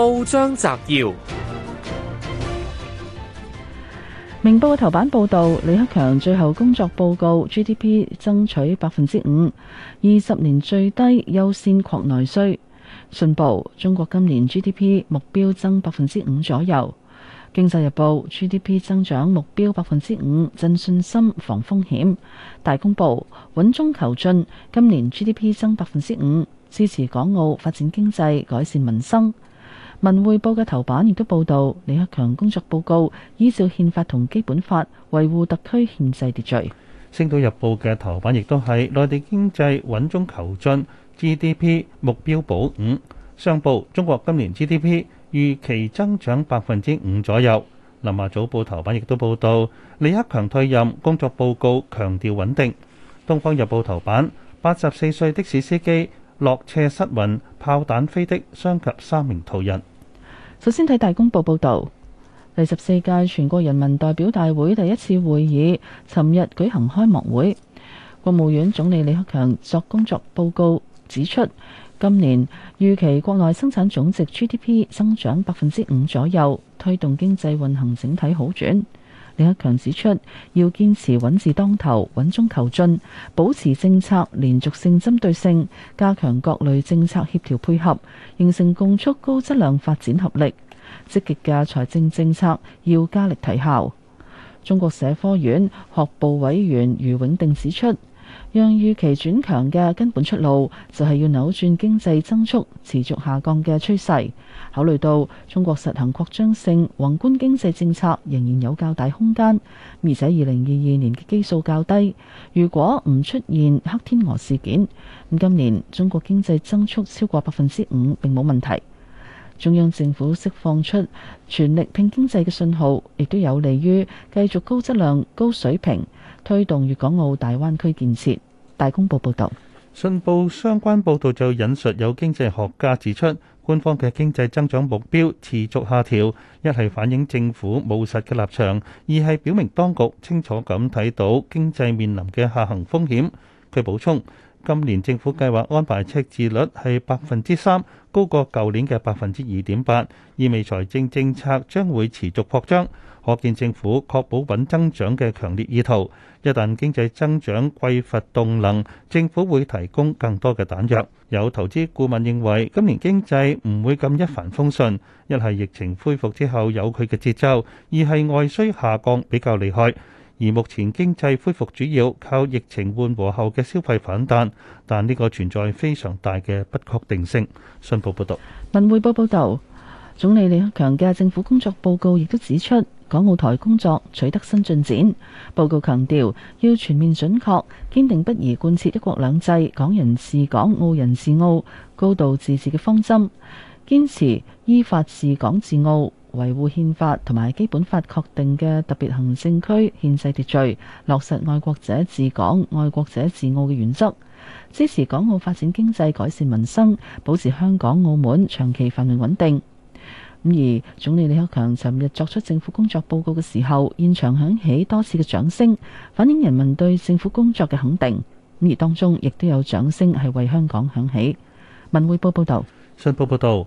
報章摘要：明報嘅頭版報道，李克強最後工作報告 G D P 爭取百分之五，二十年最低優先擴內需。信報，中國今年 G D P 目標增百分之五左右。經濟日報，G D P 增長目標百分之五，振信心防風險。大公報，穩中求進，今年 G D P 增百分之五，支持港澳發展經濟，改善民生。文匯報嘅頭版亦都報道李克強工作報告，依照憲法同基本法維護特區憲制秩序。星島日報嘅頭版亦都係內地經濟穩中求進，GDP 目標保五。商報，中國今年 GDP 預期增長百分之五左右。南華早報頭版亦都報道李克強退任工作報告強調穩定。東方日報頭版，八十四歲的士司機落車失運炮彈飛的傷及三名途人。首先睇大公報報道，第十四屆全國人民代表大會第一次會議尋日舉行開幕會，國務院總理李克強作工作報告，指出今年預期國內生產總值 GDP 增長百分之五左右，推動經濟運行整體好轉。李克強指出，要堅持穩字當頭，穩中求進，保持政策連續性、針對性，加強各類政策協調配合，形成共促高質量發展合力。積極嘅財政政策要加力提效。中國社科院學部委員余永定指出。讓預期轉強嘅根本出路，就係要扭轉經濟增速持續下降嘅趨勢。考慮到中國實行擴張性宏觀經濟政策仍然有較大空間，而且二零二二年嘅基數較低，如果唔出現黑天鵝事件，咁今年中國經濟增速超過百分之五並冇問題。中央政府釋放出全力拼經濟嘅信號，亦都有利於繼續高質量、高水平推動粵港澳大灣區建設。大公報報道：「信報相關報導就引述有經濟學家指出，官方嘅經濟增長目標持續下調，一係反映政府務實嘅立場，二係表明當局清楚咁睇到經濟面臨嘅下行風險。佢補充。今年政府計劃安排赤字率係百分之三，高過舊年嘅百分之二點八，意味財政政策將會持續擴張，可見政府確保穩增長嘅強烈意圖。一旦經濟增長匱乏動能，政府會提供更多嘅彈藥。有投資顧問認為，今年經濟唔會咁一帆風順，一係疫情恢復之後有佢嘅節奏，二係外需下降比較厲害。而目前經濟恢復主要靠疫情緩和後嘅消費反彈，但呢個存在非常大嘅不確定性。信報報道。文匯報報道，總理李克強嘅政府工作報告亦都指出，港澳台工作取得新進展。報告強調，要全面準確、堅定不移貫徹一國兩制、港人治港、澳人治澳、高度自治嘅方針，堅持依法治港治澳。維護憲法同埋基本法確定嘅特別行政區憲制秩序，落實愛國者治港、愛國者治澳嘅原則，支持港澳發展經濟、改善民生，保持香港、澳門長期繁榮穩定。咁而總理李克強尋日作出政府工作報告嘅時候，現場響起多次嘅掌聲，反映人民對政府工作嘅肯定。咁而當中亦都有掌聲係為香港響起。文匯報報道，新報報道。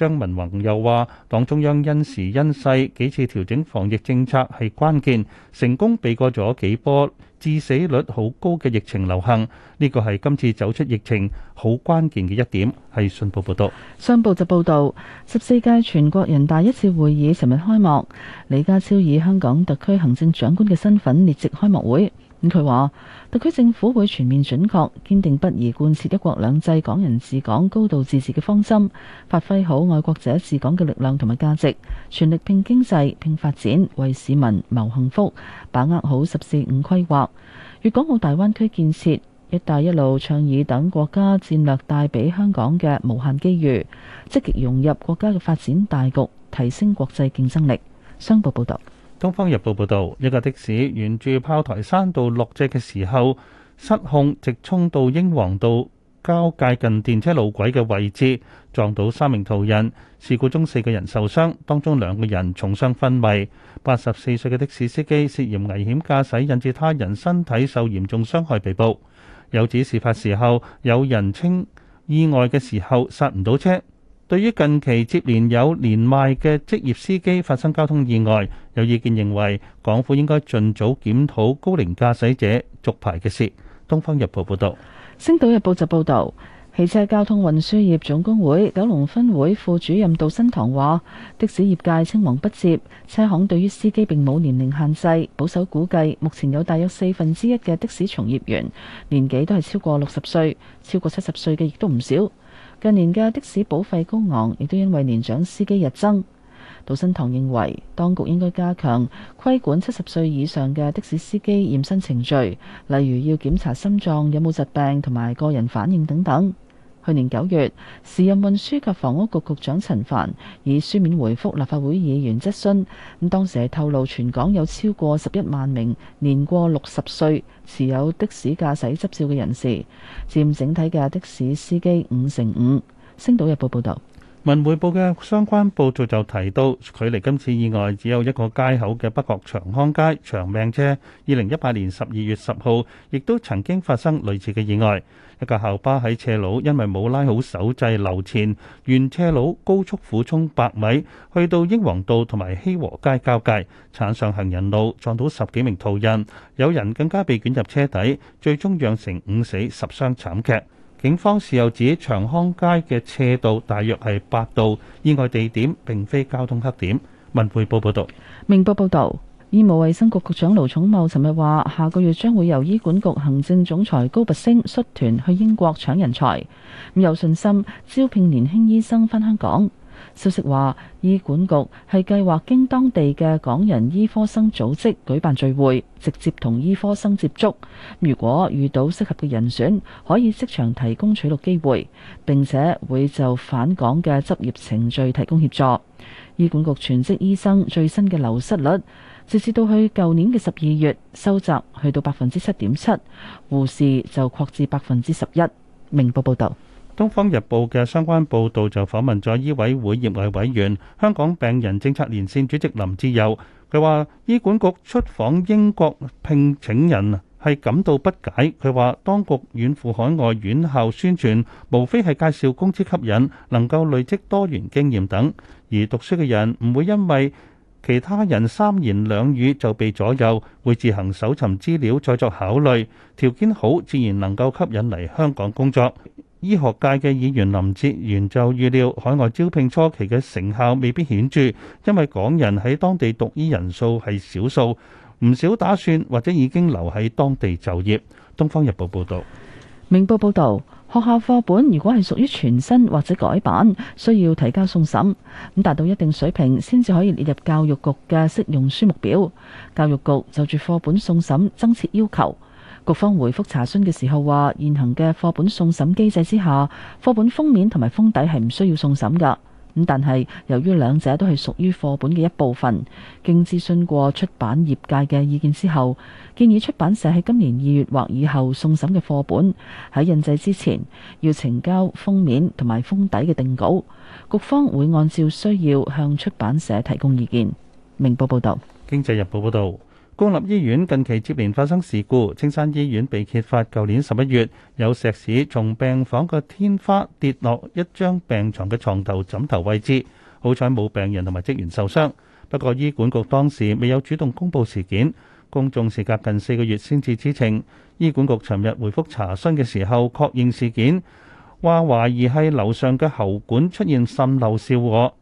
張文宏又話，黨中央因時因勢幾次調整防疫政策係關鍵，成功避過咗幾波致死率好高嘅疫情流行，呢個係今次走出疫情好關鍵嘅一點。係信報報道。商報就報道，十四屆全國人大一次會議尋日開幕，李家超以香港特區行政長官嘅身份列席開幕會。佢話：特區政府會全面準確、堅定不移貫徹一國兩制、港人治港、高度自治嘅方針，發揮好愛國者治港嘅力量同埋價值，全力拼經濟、拼發展，為市民謀幸福，把握好「十四五」規劃、粵港澳大灣區建設、一帶一路倡議等國家戰略帶俾香港嘅無限機遇，積極融入國家嘅發展大局，提升國際競爭力。商報報道。《東方日報》報導，一架的士沿住炮台山道落斜嘅時候失控，直衝到英皇道交界近電車路軌嘅位置，撞到三名途人。事故中四個人受傷，當中兩個人重傷昏迷。八十四歲嘅的，的士司機涉嫌危險駕駛，引致他人身體受嚴重傷害，被捕。有指事發時候有人稱意外嘅時候剎唔到車。對於近期接連有年邁嘅職業司機發生交通意外，有意見認為港府應該盡早檢討高齡駕駛者續牌嘅事。《東方日報》報道，《星島日報》就報導，汽車交通運輸業總工會九龍分會副主任杜新堂話：的士業界青黃不接，車行對於司機並冇年齡限制，保守估計目前有大約四分之一嘅的士從業員年紀都係超過六十歲，超過七十歲嘅亦都唔少。近年嘅的士保費高昂，亦都因為年長司機日增。杜新堂認為，當局應該加強規管七十歲以上嘅的士司機驗身程序，例如要檢查心臟有冇疾病同埋個人反應等等。去年九月，時任運輸及房屋局局長陳凡以書面回覆立法會議員質詢，咁當時係透露全港有超過十一萬名年過六十歲持有的士駕駛執照嘅人士，佔整體嘅的、的士司機五成五。星島日報報道。文匯報嘅相關報道就,就提到，距離今次意外只有一個街口嘅北角長康街長命車，二零一八年十二月十號亦都曾經發生類似嘅意外，一架校巴喺斜路因為冇拉好手掣溜前，沿斜路高速俯衝百米，去到英皇道同埋希和街交界，鏟上行人路，撞到十幾名途人，有人更加被捲入車底，最終釀成五死十傷慘劇。警方事後指長康街嘅斜道大約係八度，意外地點並非交通黑點。文匯報報道，明報報道，醫務衛生局局長盧寵茂尋日話，下個月將會由醫管局行政總裁高拔升率團去英國搶人才，咁有信心招聘年輕醫生返香港。消息話，醫管局係計劃經當地嘅港人醫科生組織舉辦聚會，直接同醫科生接觸。如果遇到適合嘅人選，可以即場提供取錄機會，並且會就返港嘅執業程序提供協助。醫管局全職醫生最新嘅流失率，直至到去舊年嘅十二月，收窄去到百分之七點七，護士就擴至百分之十一。明報報道。《東方日報》嘅相關報導就訪問咗醫委會業外委員、香港病人政策連線主席林志友。佢話：醫管局出訪英國聘請人係感到不解。佢話，當局遠赴海外院校宣傳，無非係介紹工資吸引，能夠累積多元經驗等。而讀書嘅人唔會因為其他人三言兩語就被左右，會自行搜尋資料再作考慮。條件好，自然能夠吸引嚟香港工作。醫學界嘅議員林哲玄就預料海外招聘初期嘅成效未必顯著，因為港人喺當地讀醫人數係少數，唔少打算或者已經留喺當地就業。東方日報報道。明報報道。學校課本如果係屬於全新或者改版，需要提交送審，咁達到一定水平先至可以列入教育局嘅適用書目表。教育局就住課本送審增設要求。局方回覆查詢嘅時候話，現行嘅課本送審機制之下，課本封面同埋封底係唔需要送審㗎。咁但係由於兩者都係屬於課本嘅一部分，經諮詢過出版業界嘅意見之後，建議出版社喺今年二月或以後送審嘅課本喺印製之前要呈交封面同埋封底嘅定稿。局方會按照需要向出版社提供意見。明報報道，經濟日報報道。公立醫院近期接連發生事故，青山醫院被揭發，舊年十一月有石屎從病房嘅天花跌落一張病床嘅床頭枕頭位置，好彩冇病人同埋職員受傷。不過醫管局當時未有主動公布事件，公眾事隔近四個月先至知情。醫管局尋日回復查詢嘅時候確認事件，話懷疑係樓上嘅喉管出現滲漏笑禍，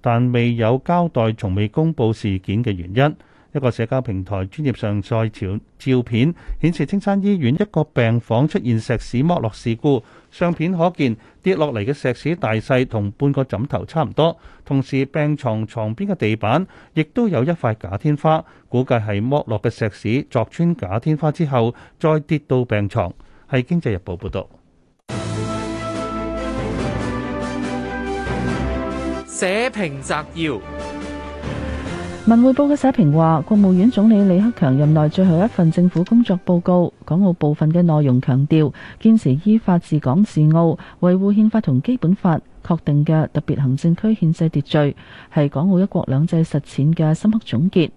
但未有交代從未公布事件嘅原因。一個社交平台專頁上載照片，顯示青山醫院一個病房出現石屎剝落事故。相片可見跌落嚟嘅石屎大細同半個枕頭差唔多，同時病床床邊嘅地板亦都有一塊假天花，估計係剝落嘅石屎鑿穿假天花之後再跌到病床。係《經濟日報》報道。《社評摘要》。文匯報嘅社評話，國務院總理李克強任內最後一份政府工作報告，港澳部分嘅內容強調，堅持依法治港治澳，維護憲法同基本法確定嘅特別行政區憲制秩序，係港澳一國兩制實踐嘅深刻總結。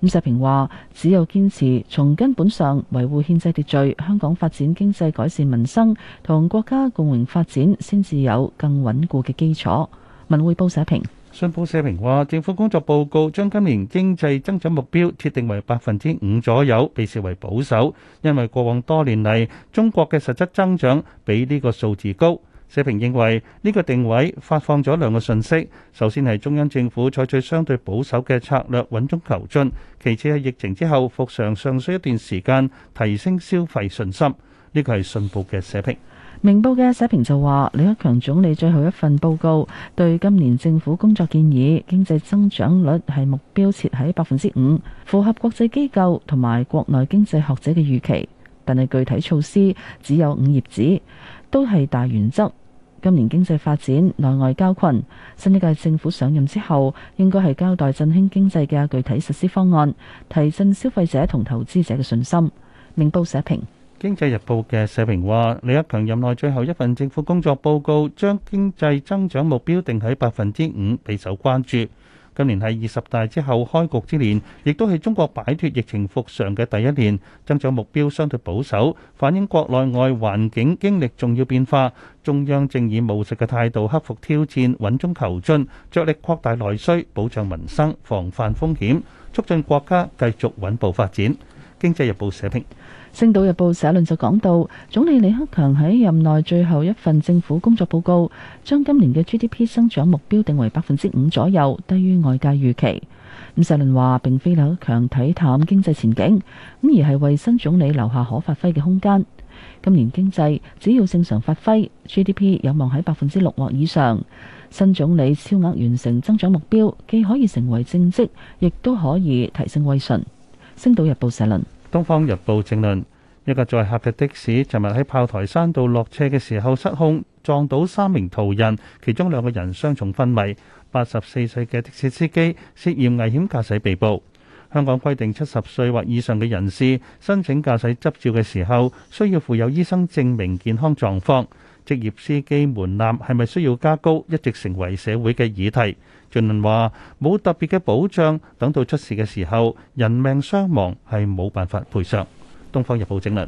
咁社評話，只有堅持從根本上維護憲制秩序，香港發展經濟、改善民生同國家共榮發展，先至有更穩固嘅基礎。文匯報社評。信報社評話，政府工作報告將今年經濟增長目標設定為百分之五左右，被視為保守，因為過往多年嚟中國嘅實質增長比呢個數字高。社評認為呢個定位發放咗兩個信息，首先係中央政府採取相對保守嘅策略，穩中求進；其次係疫情之後復常尚需一段時間，提升消費信心。呢個係信報嘅社評，明報嘅社評就話：李克強總理最後一份報告對今年政府工作建議，經濟增長率係目標設喺百分之五，符合國際機構同埋國內經濟學者嘅預期。但係具體措施只有五頁紙，都係大原則。今年經濟發展內外交困，新一屆政府上任之後，應該係交代振興經濟嘅具體實施方案，提振消費者同投資者嘅信心。明報社評。經濟日報嘅社評話：李克強任內最後一份政府工作報告，將經濟增長目標定喺百分之五，備受關注。今年係二十大之後開局之年，亦都係中國擺脱疫情復常嘅第一年，增長目標相對保守，反映國內外環境經歷重要變化。中央正以務實嘅態度克服挑戰，穩中求進，着力擴大內需，保障民生，防範風險，促進國家繼續穩步發展。經濟日報社評。《星島日報》社論就講到，總理李克強喺任內最後一份政府工作報告，將今年嘅 GDP 增長目標定為百分之五左右，低於外界預期。咁社論話，並非李克強睇淡經濟前景，咁而係為新總理留下可發揮嘅空間。今年經濟只要正常發揮，GDP 有望喺百分之六或以上。新總理超額完成增長目標，既可以成為政績，亦都可以提升威信。《星島日報》社論。《東方日報》正論：一架載客嘅的，的士，尋日喺炮台山道落車嘅時候失控，撞到三名途人，其中兩個人傷重昏迷。八十四歲嘅的，的士司機涉嫌危險駕駛被捕。香港規定，七十歲或以上嘅人士申請駕駛執照嘅時候，需要附有醫生證明健康狀況。職業司機門檻係咪需要加高，一直成為社會嘅議題。俊能話：冇特別嘅保障，等到出事嘅時候，人命傷亡係冇辦法賠償。《東方日報》正論。